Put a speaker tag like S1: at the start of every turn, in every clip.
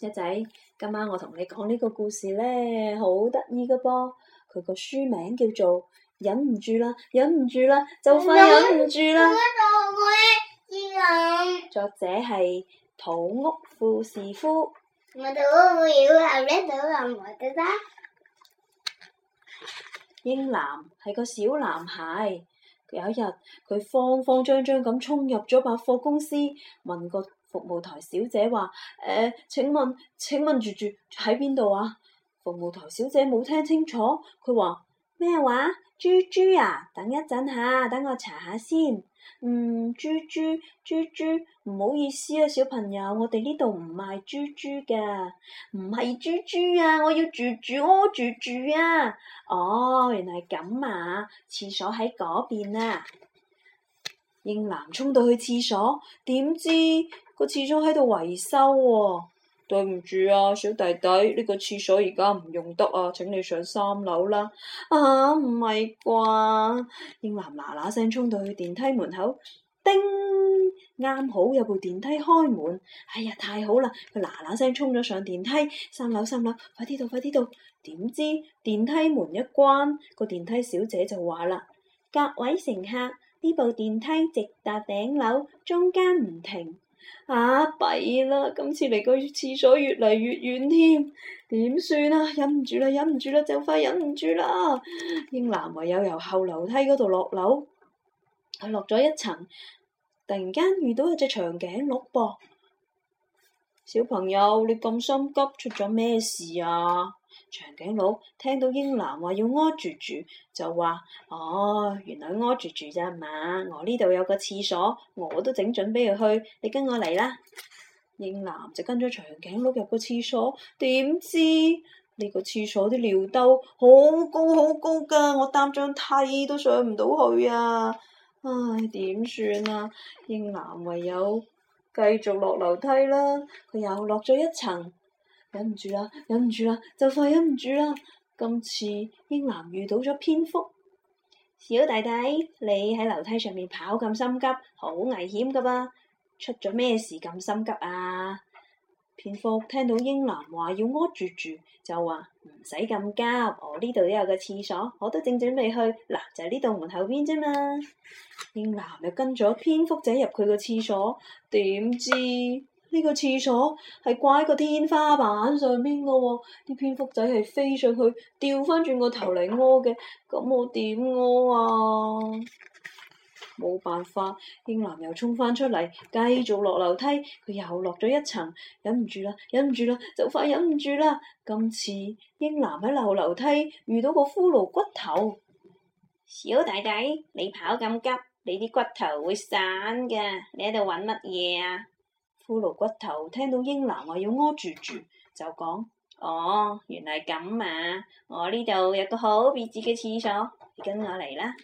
S1: 一仔，今晚我同你講呢個故事咧，好得意㗎噃！佢個書名叫做《忍唔住啦，忍唔住啦》，就快忍唔住啦。作者係土屋富士夫。英男係個小男孩，有一日佢慌慌張張咁沖入咗百貨公司，問個服務台小姐話：誒、呃，請問，請問住住喺邊度啊？服務台小姐冇聽清楚，佢話咩話？豬豬啊，等一陣下，等我查下先。嗯，豬豬，豬豬，唔好意思啊，小朋友，我哋呢度唔賣豬豬嘅，唔係豬豬啊，我要住住屙住住啊。哦，原來係咁啊，廁所喺嗰邊啊。英男沖到去廁所，點知個廁所喺度維修喎。對唔住啊，小弟弟，呢個廁所而家唔用得啊！請你上三樓啦。啊，唔係啩？英男嗱嗱聲沖到去電梯門口，叮，啱好有部電梯開門。哎呀，太好啦！佢嗱嗱聲衝咗上電梯，三樓三樓，快啲到快啲到。點知電梯門一關，個電梯小姐就話啦：各位乘客，呢部電梯直達頂樓，中間唔停。啊，弊啦！今次嚟個廁所越嚟越遠添，點算啊？忍唔住啦，忍唔住啦，就快忍唔住啦！英男唯有由後樓梯嗰度落樓，佢落咗一層，突然間遇到一隻長頸鹿噃。小朋友，你咁心急，出咗咩事啊？長頸鹿聽到英男話要屙住住，就話：哦，原來屙住住咋嘛？我呢度有個廁所，我都整準備去，你跟我嚟啦。英男就跟咗長頸鹿入個廁所，點知呢個廁所啲尿兜好高好高噶，我擔張梯都上唔到去啊！唉，點算啊？英男唯有繼續落樓梯啦。佢又落咗一層。忍唔住啦，忍唔住啦，就快忍唔住啦！今次英男遇到咗蝙蝠，小弟弟，你喺樓梯上面跑咁心急，好危險噶噃！出咗咩事咁心急啊？蝙蝠聽到英男話要屙住住，就話唔使咁急，我呢度都有個廁所，我都正準備去，嗱，就喺呢度門後邊啫嘛。英男又跟咗蝙蝠仔入佢個廁所，點知？呢個廁所係掛喺個天花板上邊嘅喎，啲蝙蝠仔係飛上去，掉翻轉個頭嚟屙嘅。咁我點屙啊？冇辦法，英男又衝翻出嚟，繼續落樓梯。佢又落咗一層，忍唔住啦，忍唔住啦，就快忍唔住啦！今次英男喺落樓梯遇到個骷髏骨頭，小弟弟，你跑咁急，你啲骨頭會散嘅。你喺度揾乜嘢啊？骷髏骨頭聽到英男話要屙住住，就講：哦，原嚟咁啊！我呢度有個好別致嘅廁所，你跟我嚟啦，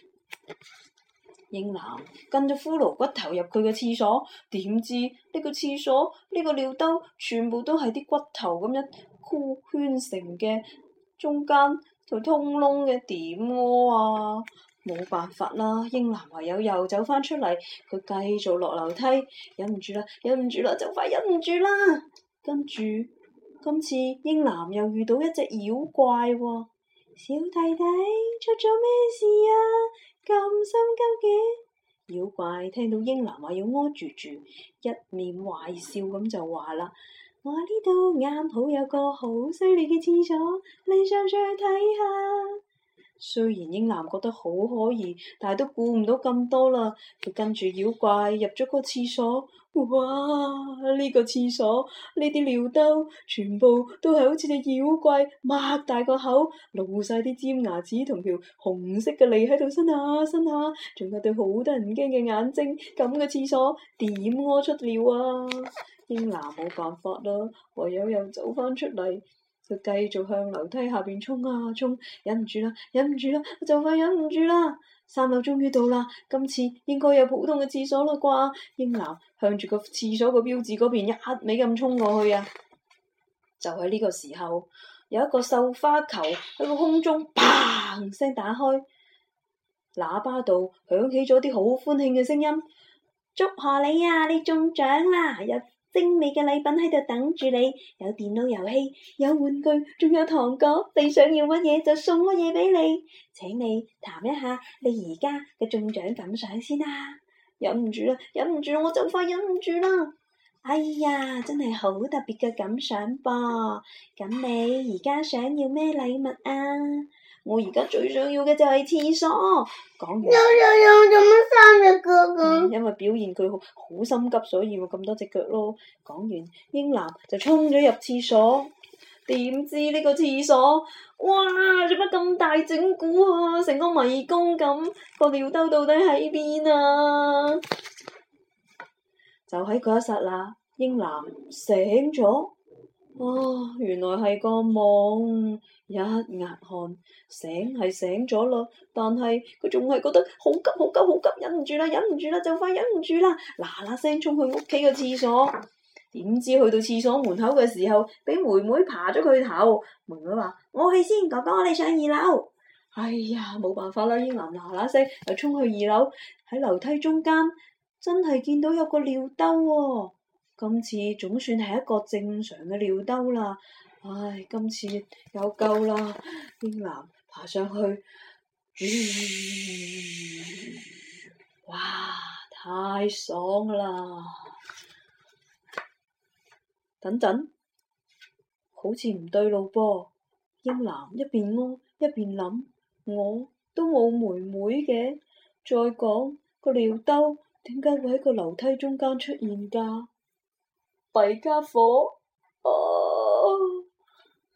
S1: 英男跟咗骷髏骨頭入佢嘅廁所，點知呢個廁所呢個尿兜全部都係啲骨頭咁樣箍圈成嘅，中間就通窿嘅，點屙啊！冇辦法啦，英男唯有又走翻出嚟，佢繼續落樓梯，忍唔住啦，忍唔住啦，就快忍唔住啦！跟住今次英男又遇到一隻妖怪喎。哦，小弟弟出咗咩事啊？咁心急嘅？妖怪聽到英男話要屙住住，一面壞笑咁就話啦：我呢度啱好有個好犀利嘅廁所，你上上去睇下。雖然英男覺得好可疑，但係都顧唔到咁多啦。佢跟住妖怪入咗個廁所，哇！呢個廁所呢啲尿兜，全部都係好似隻妖怪擘大個口，露晒啲尖牙齒同條紅色嘅脷喺度伸下伸下，仲有對好得人驚嘅眼睛。咁嘅廁所點屙出尿啊？英男冇辦法啦，唯有又走翻出嚟。佢繼續向樓梯下邊衝啊衝，忍唔住啦，忍唔住啦，我就快忍唔住啦！三樓終於到啦，今次應該有普通嘅廁所啦啩？英男向住個廁所個標誌嗰邊一尾咁衝過去啊！就喺呢個時候，有一個繡花球喺個空中砰聲打開，喇叭度響起咗啲好歡慶嘅聲音，祝賀你啊！你中獎啦！一精美嘅禮品喺度等住你，有電腦遊戲，有玩具，仲有糖果，你想要乜嘢就送乜嘢畀你。請你談一下你而家嘅中獎感想先啦、啊。忍唔住啦，忍唔住，我就快忍唔住啦。哎呀，真係好特別嘅感想噃、啊。咁你而家想要咩禮物啊？.我而家最想要嘅就係廁所。講完。有有有，做乜三隻腳個？因為表現佢好，好心急，所以咪咁多隻腳咯。講完，英男就衝咗入廁所。點知呢個廁所？哇，做乜咁大整蠱啊？成個迷宮咁，個尿兜到底喺邊啊？就喺嗰一剎那，英男醒咗。哦，原來係個夢，一壓汗醒係醒咗啦，但係佢仲係覺得好急好急好急，忍唔住啦，忍唔住啦，就快忍唔住啦！嗱嗱聲衝去屋企個廁所，點知去到廁所門口嘅時候，俾妹妹爬咗佢頭。妹妹話：我去先，哥哥我哋上二樓。哎呀，冇辦法啦！英男嗱嗱聲又衝去二樓，喺樓梯中間真係見到有個尿兜喎，哦。今次總算係一個正常嘅尿兜啦！唉，今次有救啦，英男爬上去，哇！太爽啦！等等，好似唔對路噃。英男一邊屙一邊諗，我都冇妹妹嘅。再講個尿兜點解會喺個樓梯中間出現㗎？弊家伙，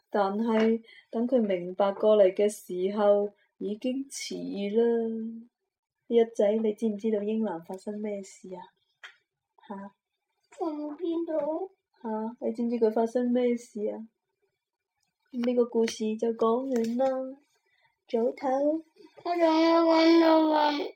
S1: 但係等佢明白過嚟嘅時候，已經遲啦。一仔，你知唔知道英蘭發生咩事啊？吓、啊？我冇見到。吓、啊？你知唔知佢發生咩事啊？呢、這個故事就講完啦。早唞。我仲要講到咩？